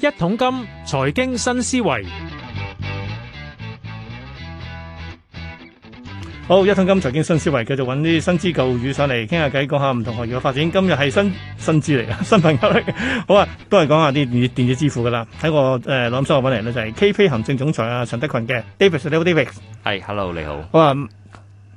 一桶金財經新思維，好一桶金財經新思維，繼續揾啲新知舊語上嚟傾下偈，講下唔同行業嘅發展。今日係新新知嚟啊，新朋友嚟，好啊，都係講下啲電子電子支付噶啦。喺個誒，朗、呃、聲我揾嚟咧就係 K 飛行政總裁啊，陳、呃、德群嘅 David 你好 David 係、hey, Hello 你好，好啊。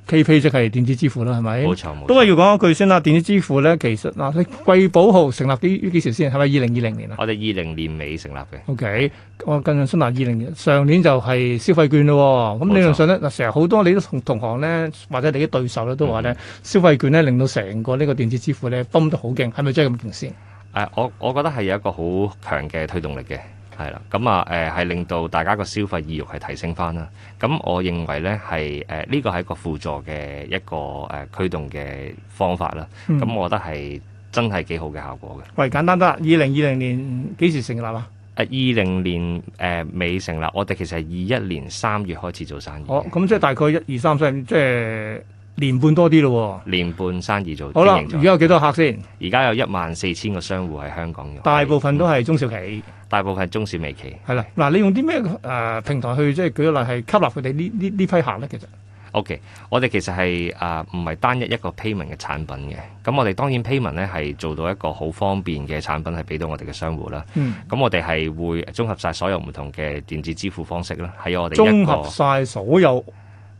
KPay 就係電子支付啦，係咪？冇錯，冇錯都係要講一句先啦。電子支付咧，其實嗱，貴、啊、寶號成立於於幾時先？係咪二零二零年啊？我哋二零年尾成立嘅。O、okay, K，我近日啦。二零年，上年就係消費券咯。咁錯理論上咧嗱？成日好多你都同同行咧，或者你啲對手咧都話咧，嗯、哼消費券咧令到成個呢個電子支付咧崩得好勁，係咪真係咁勁先？誒、啊，我我覺得係有一個好強嘅推動力嘅。係啦，咁啊，誒，係令到大家個消費意欲係提升翻啦。咁我認為咧，係誒呢個係一個輔助嘅一個誒驅動嘅方法啦。咁、嗯、我覺得係真係幾好嘅效果嘅。喂，簡單得啦。二零二零年幾時成立啊？誒，二零年誒未成立，我哋其實係二一年三月開始做生意。哦，咁即係大概一二三四，即係。年半多啲咯，年半生意做。好啦，而家有幾多客先？而家有一萬四千個商戶喺香港嘅，大部分都係中小企，嗯、大部分中小微企。係啦，嗱，你用啲咩誒平台去即係舉例係吸納佢哋呢呢呢批客咧？Okay, 其實，OK，我哋其實係誒唔係單一一個 payment 嘅產品嘅，咁我哋當然 payment 咧係做到一個好方便嘅產品，係俾到我哋嘅商戶啦。嗯，咁我哋係會綜合晒所有唔同嘅電子支付方式啦，係我哋綜合晒所有。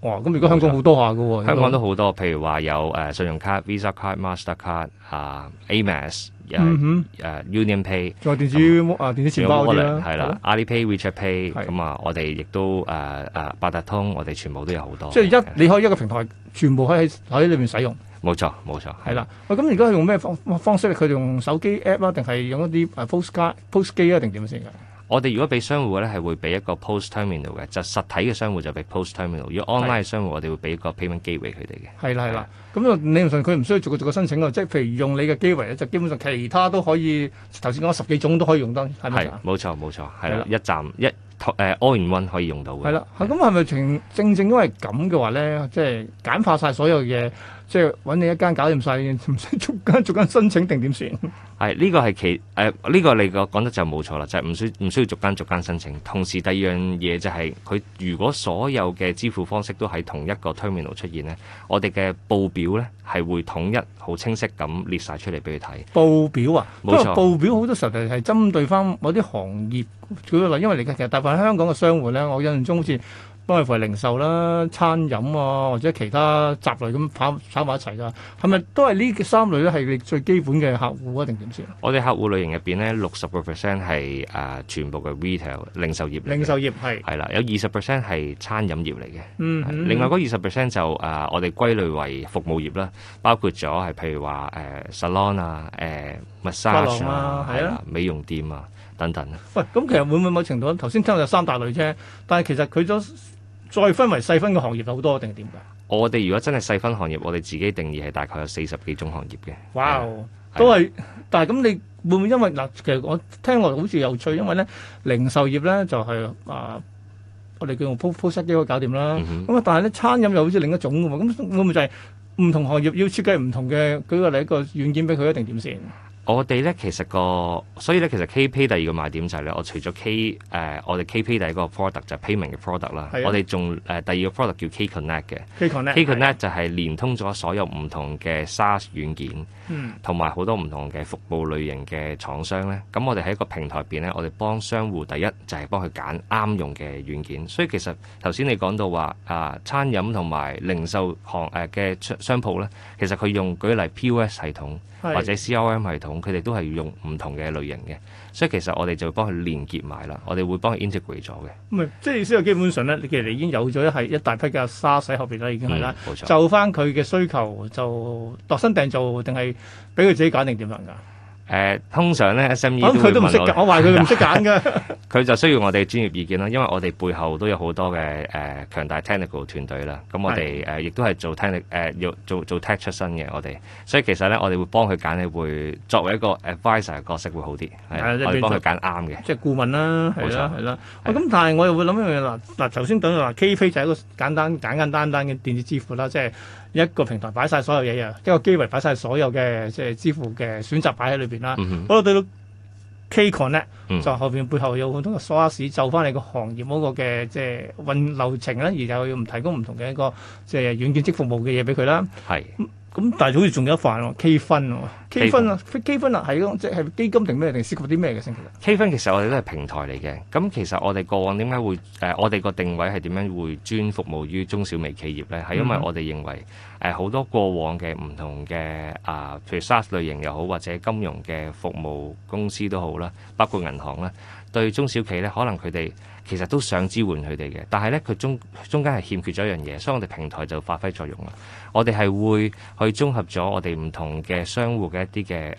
哇！咁而家香港好多下噶，香港都好多，譬如話有誒信用卡、Visa Card、Master Card、uh, S, uh, 嗯哼、Master Card 啊、Amex、誒 UnionPay，仲有電子啊、嗯、電子錢包嗰啲啦，係啦，AliPay、WeChat Pay，咁啊，我哋亦都誒誒八達通，我哋全部都有好多。即係一你可以一個平台全部可以喺裏面使用。冇錯冇錯，係啦。咁而家用咩方方式？佢用手機 App 啊，定係用一啲誒 Post 卡、Post 機啊，定點先㗎？我哋如果俾商戶咧，係會俾一個 pos terminal t 嘅，就實體嘅商戶就俾 pos terminal，t 如果 online 商戶，的我哋會俾個 payment gateway 佢哋嘅。係啦，係啦，咁啊的，理論上佢唔需要逐個逐個申請嘅，即係譬如用你嘅 gateway 咧，就基本上其他都可以。頭先講十幾種都可以用得，係咪啊？係冇錯冇錯，係啦的，一站一誒 all in one 可以用到嘅。係啦的，咁係咪正正因為咁嘅話咧，即、就、係、是、簡化晒所有嘢？即係揾你一間搞掂曬，唔使逐間逐間申請定點算？係呢、呢個係其誒呢、呃呢個你個講得就冇錯啦，就係唔需唔需要逐間逐間申請。同時第二樣嘢就係、是、佢如果所有嘅支付方式都喺同一個 terminal 出現咧，我哋嘅報表咧，係會統一好清晰咁列晒出嚟俾佢睇。報表啊，冇錯。報表好多時候就係針對翻某啲行業，主要係因為而家其實大部分香港嘅商戶咧，我印象中好似。都係服零售啦，餐飲啊，或者其他雜類咁跑炒埋一齊噶，係咪都係呢三類咧？係最基本嘅客戶啊，定點算？我哋客戶類型入邊咧，六十個 percent 係誒全部嘅 retail 零售業零售業係係啦，有二十 percent 係餐飲業嚟嘅。嗯，嗯另外嗰二十 percent 就誒、呃、我哋歸類為服務業啦，包括咗係譬如話誒 salon 啊、誒 massage 啊、係啦、美容店啊等等。喂，咁、嗯、其實會唔會某程度咧？頭先聽有三大類啫，但係其實佢都。再分為細分嘅行業有好多定係點㗎？我哋如果真係細分行業，我哋自己定義係大概有四十幾種行業嘅。哇，Wow, Yeah, 都係，但係咁你會唔會因為嗱，其實我聽落好似有趣，因為咧零售業咧就係、是、啊，我哋叫用 po po 手機搞掂啦。咁啊，但係咧餐飲又好似另一種㗎喎，咁會唔會就係唔同行業要設計唔同嘅？舉個例，一個軟件俾佢一定點先？我哋咧其實個，所以咧其實 KPay 第二個賣點就係咧，我除咗 K 誒、呃，我哋 KPay 第一個 product 就係 payment 嘅 product 啦，的我哋仲誒第二個 product 叫 KConnect 嘅。KConnect，KConnect 的就係連通咗所有唔同嘅 SaaS 軟件，嗯、同埋好多唔同嘅服務類型嘅廠商咧。咁我哋喺個平台入邊咧，我哋幫商戶第一就係幫佢揀啱用嘅軟件。所以其實頭先你講到話啊、呃，餐飲同埋零售行誒嘅、呃、商鋪咧，其實佢用舉例 POS 系統。是或者 C.O.M 系統，佢哋都係用唔同嘅類型嘅，所以其實我哋就會幫佢連結埋啦，我哋會幫佢 integrate 咗嘅。唔係、嗯，即係意思係基本上咧，你其實你已經有咗一係一大批嘅沙洗後面啦，已經係啦。冇、嗯、錯。就翻佢嘅需求，就度身訂造定係俾佢自己揀定點樣㗎？誒、呃，通常咧、e、，SME 佢都唔識揀，我話佢唔識揀㗎。 佢就需要我哋專業意見啦，因為我哋背後都有好多嘅誒強大 technical 團隊啦。咁我哋誒亦都係做 technical 誒、呃，要做做 tech 出身嘅我哋。所以其實咧，我哋會幫佢揀，會作為一個 advisor 嘅角色會好啲，可以幫佢揀啱嘅。的即係顧問啦，係啦係啦。咁的的、哦、但係我又會諗一樣嘢啦。嗱頭先等於話 KPay 就係一個簡單簡簡單單嘅電子支付啦，即係一個平台擺晒所有嘢啊，一個機位擺晒所有嘅即係支付嘅選擇擺喺裏邊啦。嗯、哼好啦，到到。K Connect 在，嗯、後邊，背後有好多嘅 source 就翻你個行業嗰個嘅即係運流程啦，而就要唔提供唔同嘅一個即係軟件即服務嘅嘢俾佢啦。係是。嗯咁但係好似仲有一塊喎，K 分喎，K 分啊，K 分啊，係咯，即係基金定咩定涉及啲咩嘅先？K 分其實我哋都係平台嚟嘅，咁其實我哋過往點解會誒、呃、我哋個定位係點樣會專服務於中小微企業咧？係因為我哋認為誒好、呃、多過往嘅唔同嘅啊，譬、呃、如 SaaS 類型又好，或者金融嘅服務公司都好啦，包括銀行啦。對中小企咧，可能佢哋其實都想支援佢哋嘅，但係咧佢中中間係欠缺咗一樣嘢，所以我哋平台就發揮作用啦。我哋係會去綜合咗我哋唔同嘅商戶嘅一啲嘅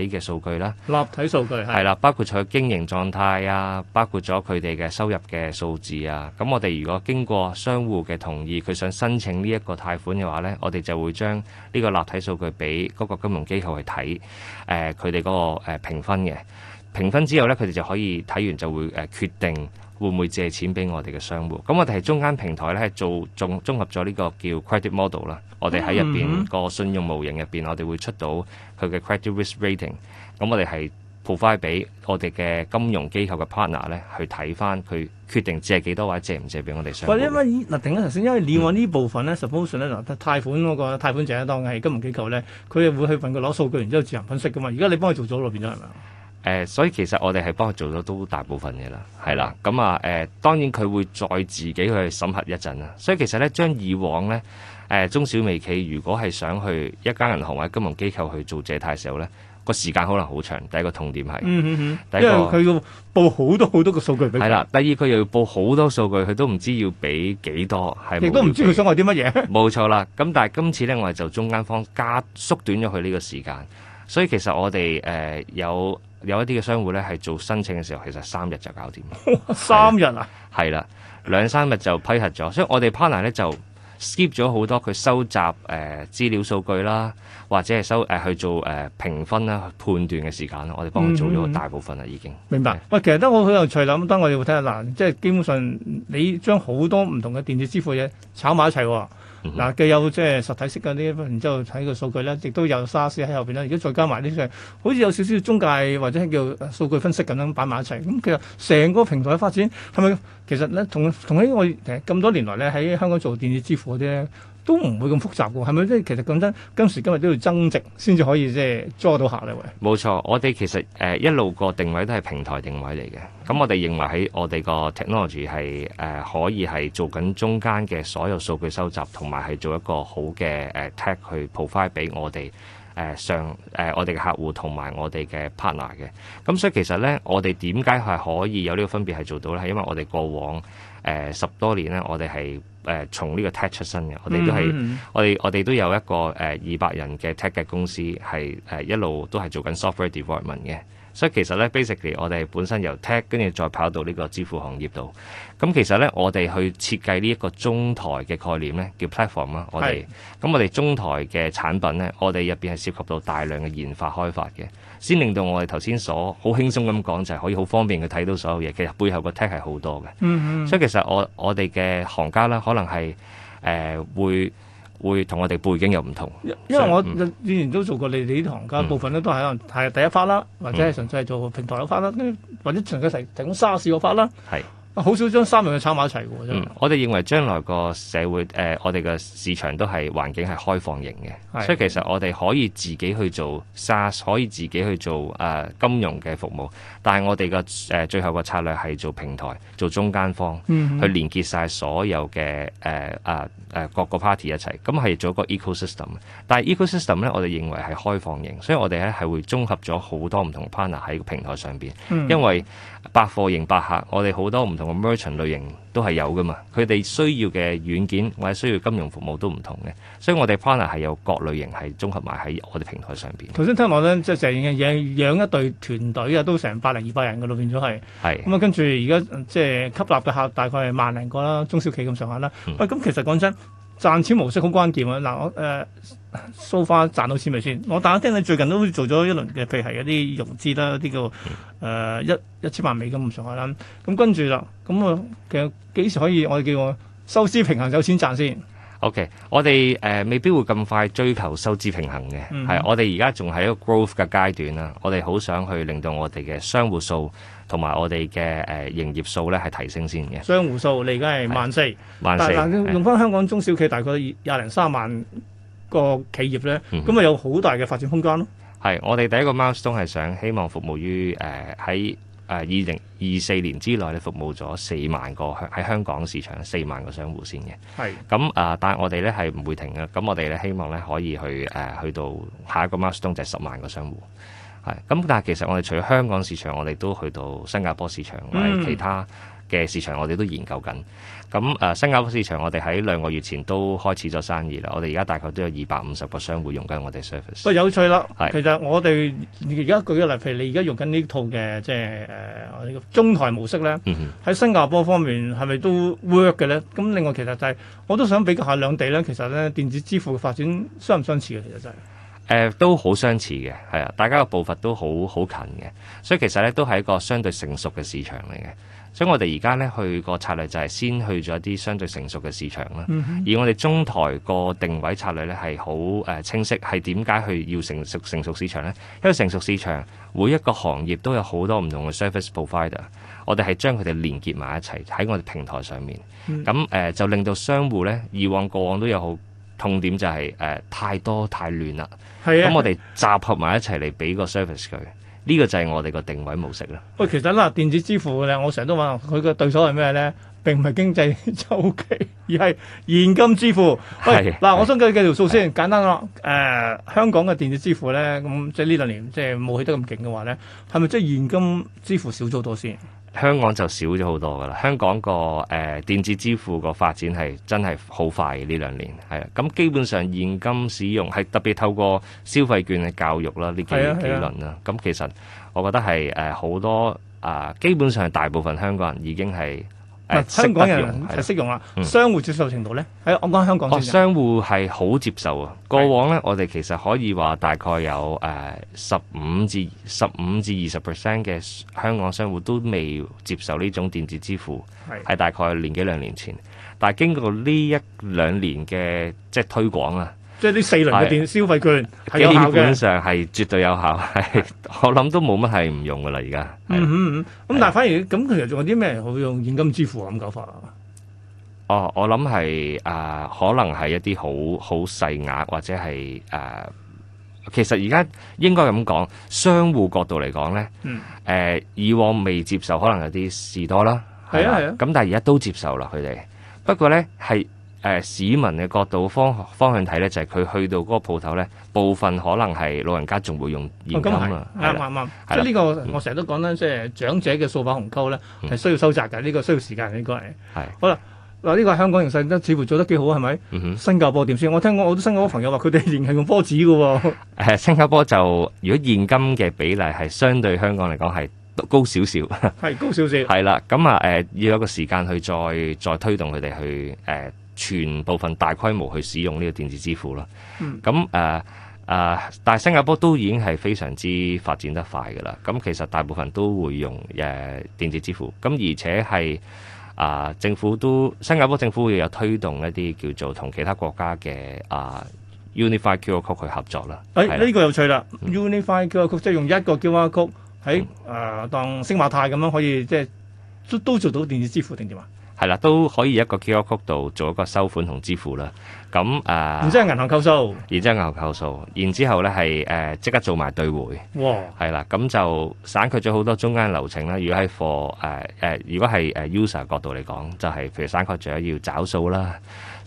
立體嘅數據啦。立體數據係啦，包括佢經營狀態啊，包括咗佢哋嘅收入嘅數字啊。咁我哋如果經過商戶嘅同意，佢想申請呢一個貸款嘅話咧，我哋就會將呢個立體數據俾嗰個金融機構去睇，誒佢哋嗰個誒評分嘅。評分之後咧，佢哋就可以睇完就會誒決定會唔會借錢俾我哋嘅商戶。咁我哋係中間平台咧，做綜綜合咗呢個叫 credit model 啦。我哋喺入邊個信用模型入邊，我哋會出到佢嘅 credit risk rating。咁我哋係 provide 俾我哋嘅金融機構嘅 partner 咧，去睇翻佢決定借幾多或者借唔借俾我哋商戶。因為嗱，停一頭先，因為你話呢部分咧，supposition 咧，嗱、嗯、貸款嗰、嗰個貸款者當然係金融機構咧，佢係會去問佢攞數據，然之後自行分析噶嘛。而家你幫佢做咗咯，變咗係咪啊？誒、呃，所以其實我哋係幫佢做咗都大部分嘢啦，係啦，咁啊，誒，當然佢會再自己去審核一陣啦。所以其實咧，將以往咧，誒、呃，中小微企如果係想去一家銀行或者金融機構去做借貸嘅時候咧，個時間可能好長。第一個痛點係，嗯嗯嗯第一個佢要報好多好多個數據俾佢。係啦，第二佢又要報好多數據，佢都唔知要俾幾多，係亦都唔知佢想話啲乜嘢。冇錯啦，咁但係今次咧，我哋就中間方加縮短咗佢呢個時間，所以其實我哋誒、呃、有。有一啲嘅商戶咧，係做申請嘅時候，其實三日就搞掂。三日啊，係啦，兩三日就批核咗，所以我哋 partner 咧就 skip 咗好多佢收集誒呃、資料數據啦，或者係收誒、呃、去做誒呃、評分啦、判斷嘅時間咯。我哋幫佢做咗大部分啦，嗯、已經明白。喂的，其實都好好有趣諗，等我哋會睇下嗱，即係基本上你將好多唔同嘅電子支付嘢炒埋一齊。嗱，嗯、既有即係實體式嗰啲，然之後睇個數據咧，亦都有沙士喺後邊咧。如果再加埋啲嘅，好似有少少中介或者叫數據分析咁樣擺埋一齊。咁其實成個平台嘅發展係咪其實咧，同同喺我咁多年來咧，喺香港做電子支付嗰啲咧？都唔會咁複雜嘅喎，係咪？即係其實講真，今時今日都要增值，先至可以即係捉到客咧。冇錯，我哋其實誒、呃、一路個定位都係平台定位嚟嘅。咁我哋認為喺我哋個 technology 係誒可以係做緊中間嘅所有數據收集，同埋係做一個好嘅誒 tech 去 provide 俾我哋。誒、呃、上誒、呃、我哋嘅客戶同埋我哋嘅 partner 嘅。咁、嗯、所以其實咧，我哋點解係可以有呢個分別係做到咧？係因為我哋過往誒、呃、十多年咧、呃，我哋係誒從呢個 tech 出身嘅，我哋都係我哋我哋都有一個誒二百人嘅 tech 嘅公司，係、呃、誒一路都係做緊 software development 嘅。所以其實咧，basically 我哋本身由 tech 跟住再跑到呢個支付行業度。咁、嗯、其實咧，我哋去設計呢一個中台嘅概念咧，叫 platform 啦是、嗯。我哋咁我哋中台嘅產品咧，我哋入邊係涉及到大量嘅研發開發嘅，先令到我哋頭先所好輕鬆咁講就係、是、可以好方便去睇到所有嘢。其實背後個 tech 係好多嘅。嗯、哼所以其實我我哋嘅行家啦，可能係誒、呃、會。會同我哋背景又唔同，因為我以前都做過你哋呢啲行家嘅部分咧，都係可能係第一發啦，嗯、或者係純粹係做平台嘅發啦，嗯、或者純粹提提供沙士嘅發啦。係。好、啊、少將三樣嘢炒埋一齊嘅喎，真係。我哋認為將來個社會誒、呃、我哋嘅市場都係環境係開放型嘅，的所以其實我哋可以自己去做 SaaS 可以自己去做誒、呃、金融嘅服務，但係我哋嘅誒最後個策略係做平台，做中間方、嗯、哼去連結晒所有嘅誒啊誒各個 party 一齊，咁係做一個 ecosystem。但係 ecosystem 咧，我哋認為係開放型，所以我哋咧係會綜合咗好多唔同 partner 喺個平台上邊，嗯、因為百貨型百,百客，我哋好多唔同。個 merchant 類型都係有噶嘛，佢哋需要嘅軟件或者需要金融服務都唔同嘅，所以我哋 partner 係有各類型係綜合埋喺我哋平台上邊。頭先聽落咧，即係成日養養一隊團隊啊，都成百零二百人噶咯，變咗係。係是。咁啊，跟住而家即係吸納嘅客大概係萬零個啦，中小企咁上下啦。喂、嗯，咁、啊、其實講真，賺錢模式好關鍵啊！嗱，我誒。呃 so far 賺到錢未先？我打聽你最近都做咗一輪嘅，譬如係一啲融資啦，一啲叫誒一一千萬美金咁上下啦。咁、嗯、跟住啦，咁、嗯、啊其實幾時可以我哋叫我收支平衡有錢賺先？O、okay, K，我哋誒、呃、未必會咁快追求收支平衡嘅，係我哋而家仲喺一個 growth 嘅階段啦。我哋好想去令到我哋嘅商戶數同埋我哋嘅誒營業數咧係提升先嘅。商戶數你而家係萬四，萬四但、嗯、用翻香港中小企大概廿零三萬。個企業呢，咁咪有好大嘅發展空間咯。係，我哋第一個 milestone 係想希望服務於喺二零二四年之內咧服務咗四萬個喺、嗯、香港市場四萬個商戶先嘅。係咁啊，但係我哋呢係唔會停嘅。咁我哋呢希望呢可以去誒、呃、去到下一個 milestone 就係十萬個商戶。係咁，但係其實我哋除咗香港市場，我哋都去到新加坡市場、嗯、或者其他。嘅市場我哋都研究緊，咁誒、啊、新加坡市場我哋喺兩個月前都開始咗生意啦。我哋而家大概都有二百五十個商戶用緊我哋 service，不過有趣啦。是其實我哋而家舉個例，譬如你而家用緊呢套嘅即係誒中台模式咧，喺、嗯、哼新加坡方面係咪都 work 嘅咧？咁另外其實就係、是、我都想比較下兩地咧，其實咧電子支付嘅發展相唔相似嘅，其實就係、是、誒、呃、都好相似嘅，係啊，大家嘅步伐都好好近嘅，所以其實咧都係一個相對成熟嘅市場嚟嘅。所以我哋而家咧去個策略就係先去咗一啲相對成熟嘅市場啦。嗯、哼而我哋中台個定位策略咧係好誒清晰，係點解去要成熟成熟市場呢？因為成熟市場每一個行業都有好多唔同嘅 service provider，我哋係將佢哋連結埋一齊喺我哋平台上面。咁誒、嗯呃、就令到商戶呢以往過往都有好痛點就係、是、誒、呃、太多太亂啦。咁、啊、我哋集合埋一齊嚟俾個 service 佢。呢個就係我哋個定位模式啦。喂、哦，其實嗱、啊，電子支付咧，我成日都話佢嘅對手係咩咧？並唔係經濟周期， 而係現金支付。 喂嗱是，我想計計條數先，是簡單咯。誒、呃，香港嘅電子支付咧，咁即係呢兩年即係冇起得咁勁嘅話咧，係咪即係現金支付少咗好多先？香港就少咗好多㗎喇。香港個誒、呃、電子支付個發展係真係好快呢兩年係啊。咁基本上現金使用係特別透過消費券嘅教育啦，呢幾幾輪啦。咁的其實我覺得係誒好多啊，基本上大部分香港人已經係。唔、嗯、香港人就識用啦，商戶的接受程度咧喺，嗯哎、我講香港。商戶係好接受啊！過往咧，我哋其實可以話大概有誒十五至十五至二十 percent 嘅香港商戶都未接受呢種電子支付，係的大概年幾兩年前。但係經過一兩呢一兩年嘅即係推廣啊。即係啲四輪嘅電消費券係基本上係絕對有效。係我諗都冇乜係唔用噶啦，而家。咁、嗯嗯、但係反而咁的其實仲有啲咩好用現金支付啊？咁搞法啊？哦，我諗係啊，可能係一啲好好細額或者係誒、呃，其實而家應該咁講，商戶角度嚟講咧，誒、嗯呃，以往未接受可能有啲士多啦，係啊係啊。咁的但係而家都接受啦，佢哋。不過咧係。誒市民嘅角度方方向睇咧，就係、是、佢去到嗰個鋪頭咧，部分可能係老人家仲會用現金啊，係啦、哦，即係呢個我成日都講啦，即、就、係、是、長者嘅數碼鴻溝咧，係需要收窄嘅，呢、這個需要時間應該係。係、這個、的好啦，嗱、這、呢個香港形勢咧，似乎做得幾好，係咪？嗯、哼新加坡點先？我聽過我啲新加坡朋友話，佢哋仍係用波子嘅喎、啊。新加坡就如果現金嘅比例係相對香港嚟講係高少少，係 高少少，係啦。 咁啊誒，要有一個時間去再再推動佢哋去誒。呃全部份大規模去使用呢個電子支付咯，咁誒誒，但係新加坡都已經係非常之發展得快嘅啦。咁其實大部分都會用誒電子支付，咁而且係啊、呃，政府都新加坡政府會有推動一啲叫做同其他國家嘅啊、呃、Unified QR code 去合作啦。誒、哎，呢個有趣啦、嗯，Unified QR code 即係用一個 QR code 喺啊、呃、當星馬泰咁樣可以即係都做到電子支付定點啊？係啦，都可以一個 QR code 度做一個收款同支付啦。咁、嗯、啊，然之後銀行扣數，然之後銀行扣數，然之後咧係誒即刻做埋兌匯。哇！係啦，咁就省卻咗好多中間流程啦。如果喺貨誒誒，如果係誒 user 角度嚟講，就係、是、譬如省卻咗要找數啦。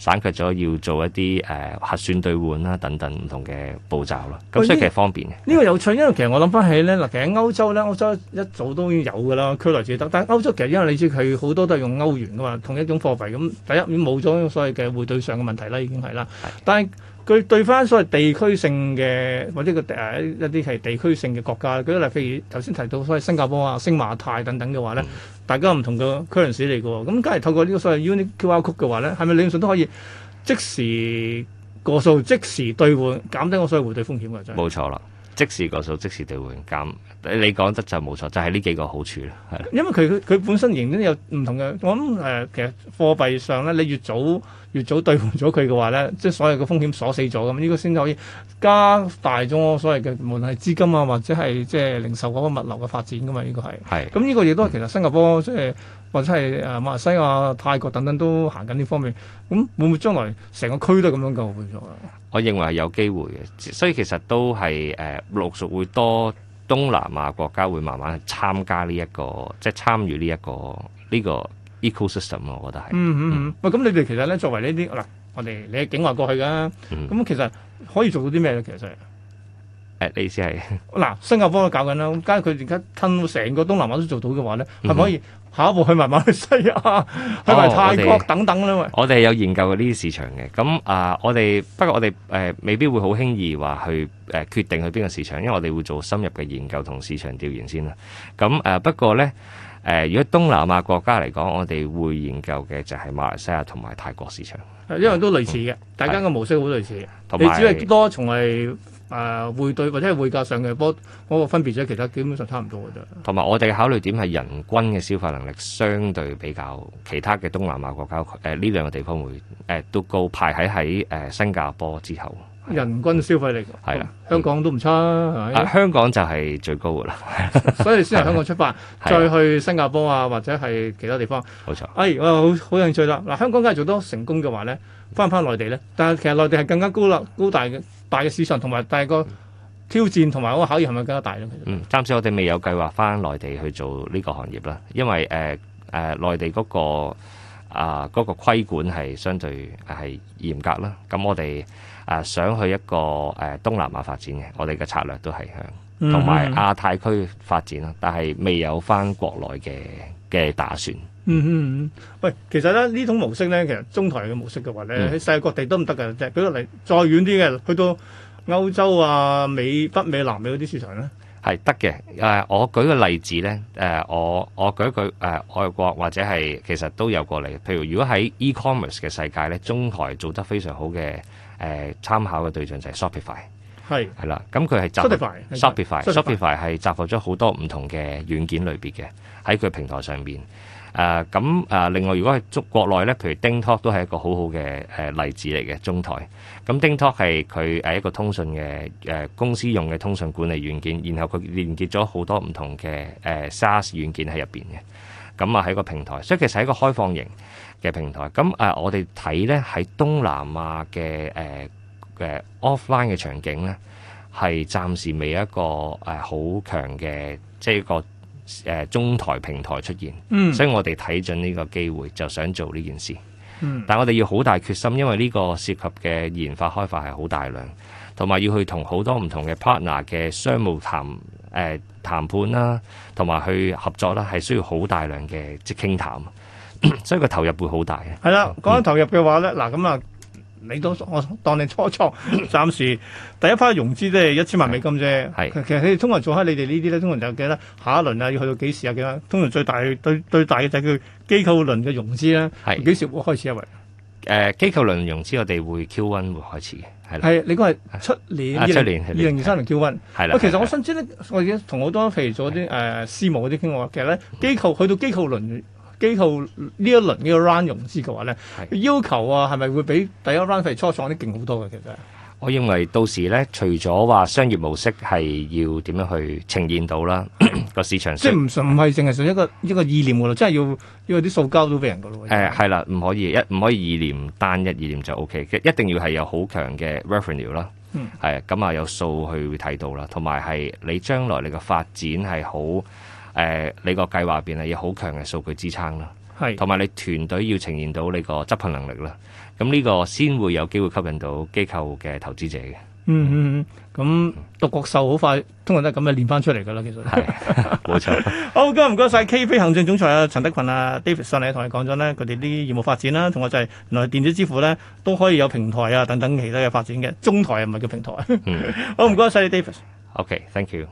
省卻咗要做一啲誒、呃、核算兌換啦等等唔同嘅步驟咯，咁所以其實方便呢、呢個有趣，因為其實我諗翻起咧，嗱喺歐洲咧，歐洲一早都已經有噶啦，區內轉得。但係歐洲其實因為你知佢好多都係用歐元噶嘛，同一種貨幣咁，第一面冇咗所謂嘅匯兌上嘅問題啦，已經係啦。是的 但係佢對翻所謂地區性嘅或者個誒一啲係地區性嘅國家，舉例譬如頭先提到所謂新加坡啊、星馬泰等等嘅話咧，嗯、大家有唔同嘅 currency 嚟嘅喎，咁梗係透過呢個所謂 unique QR code 嘅話咧，係咪理論上都可以即時過數、即時兌換，減低我所謂匯兌風險嘅？真冇錯啦。即時過數，即時兌換，咁你講得就冇錯，就係、是、呢幾個好處啦。因為佢佢本身仍然有唔同嘅，我諗誒、呃、其實貨幣上咧，你越早越早兌換咗佢嘅話咧，即係所有嘅風險鎖死咗咁，呢該先可以加大咗我所有嘅，無論係資金啊或者係即係零售嗰個物流嘅發展噶、啊、嘛，呢、這個係。係的。咁呢個亦都係其實新加坡即係。就是或者係誒馬來西亞、泰國等等都行緊呢方面，咁會唔會將來成個區都係咁樣㗎？我認為係有機會嘅，所以其實都係誒陸續會多東南亞國家會慢慢參加呢、這、一個，即係參與呢一個呢、這個 ecosystem，我覺得係、嗯。嗯嗯嗯，喂、嗯，咁你哋其實咧作為呢啲嗱，我哋你係境外過去㗎，咁、嗯、其實可以做到啲咩咧？其實。誒，意思係嗱，新加坡都搞緊啦。咁假如佢而家吞成個東南亞都做到嘅話咧，係咪可以下一步去埋馬來西亞、哦、去埋泰國等等咧？我哋有研究嘅呢啲市場嘅。咁啊，我哋不過我哋誒、啊，未必會好輕易話去誒、啊，決定去邊個市場，因為我哋會做深入嘅研究同市場調研先啦。咁、啊、誒，不過咧誒、啊，如果東南亞國家嚟講，我哋會研究嘅就係馬來西亞同埋泰國市場。因為都類似嘅，嗯、大家嘅模式好類似，嘅。你只要多從係。誒匯兌或者係匯價上嘅波嗰個分別啫，其他基本上差唔多嘅啫。同埋我哋嘅考慮點係人均嘅消費能力相對比較其他嘅東南亞國家誒呢、呃、兩個地方會誒、呃、都高排喺喺誒新加坡之後。人均消費力係啦、啊啊，香港都唔差，係香港就係最高嘅啦，所以先由香港出發，啊、再去新加坡啊，或者係其他地方。冇錯、啊，哎，我好好興趣啦。嗱，香港梗係做得成功嘅話咧，翻唔翻內地咧？但係其實內地係更加高啦、高大嘅大嘅市場，同埋大個挑戰，同埋個考驗係咪更加大咧？嗯，暫時我哋未有計劃翻內地去做呢個行業啦，因為誒誒、呃呃、內地嗰、那個啊嗰、呃那個規管係相對係嚴格啦。咁我哋。啊，想去一個誒、啊、東南亞發展嘅，我哋嘅策略都係向同埋亞太區發展咯。但係未有翻國內嘅嘅打算。嗯嗯嗯，喂，其實咧呢種模式咧，其實中台嘅模式嘅話咧，喺世界各地都唔得嘅啫。舉個例，再遠啲嘅，去到歐洲啊、美北美、南美嗰啲市場咧，係得嘅。誒、呃，我舉個例子咧，誒、呃，我我舉一舉誒、呃、外國或者係其實都有過嚟。譬如如果喺 e-commerce 嘅世界咧，中台做得非常好嘅。誒、呃、參考嘅對象就係 Shopify，係係啦，咁佢係集 Shopify，Shopify 係集合咗好多唔同嘅軟件類別嘅喺佢平台上面。誒咁誒，另外如果係中國內咧，譬如 DingTalk 都係一個好好嘅誒例子嚟嘅中台。咁 DingTalk 係佢係一個通訊嘅誒、呃、公司用嘅通訊管理軟件，然後佢連結咗好多唔同嘅誒、呃、SaaS 軟件喺入邊嘅。咁啊喺個平台，所以其實係一個開放型。嘅平台，咁誒、呃，我哋睇呢喺東南亞嘅誒、呃呃、offline 嘅場景呢，係暫時未一個誒好、呃、強嘅，即係一個誒、呃、中台平台出現。Mm. 所以我哋睇準呢個機會，就想做呢件事。Mm. 但我哋要好大決心，因為呢個涉及嘅研發開發係好大量，同埋要去同好多唔同嘅 partner 嘅商務談誒、呃、談判啦，同埋去合作啦，係需要好大量嘅即係傾談。 所以個投入會好大嘅。係啦，講緊投入嘅話咧，嗱咁啊，你都我當你初初，暫時第一批融資都係一千萬美金啫。係，其實佢哋通常做開你哋呢啲咧，通常就記得下一輪啊，要去到幾時啊？記得，通常最大對最大嘅就係佢機構輪嘅融資啦。係的，幾時開始啊？喂？誒，機構輪融資我哋會 Q one 會開始嘅，係、呃。係，你講係出年二零二零二零二三年 Q one 係啦。其實我想知咧，我已經同好多譬如做啲誒、呃、私募嗰啲傾過，其實咧機構去到機構輪。機構呢一輪呢個 round 融資嘅話咧，是的 要求啊，係咪會比第一 round 譬如初創啲勁好多嘅？其實，我認為到時咧，除咗話商業模式係要點樣去呈現到啦，個 市場即係唔唔係淨係純一個一個意念嘅咯，真係要要啲數交到俾人嘅咯。誒、嗯，係啦，唔可以一唔可以意念單一意念就 O K 嘅，一定要係有好強嘅 revenue 啦，係咁啊有數去睇到啦，同埋係你將來你嘅發展係好。誒、呃，你個計劃入邊啊，有好強嘅數據支撐啦，係是，同埋你團隊要呈現到你個執行能力啦，咁呢個先會有機會吸引到機構嘅投資者嘅。嗯嗯，咁獨角獸好快通常都係咁樣練翻出嚟噶啦，其實係冇錯。好是，唔該唔該晒 K 飛行政總裁啊陳德群啊 David 上嚟同你講咗咧，佢哋啲業務發展啦、啊，同我就係原來電子支付咧都可以有平台啊等等其他嘅發展嘅，中台啊唔係叫平台，好唔該晒你 David。Okay，thank you。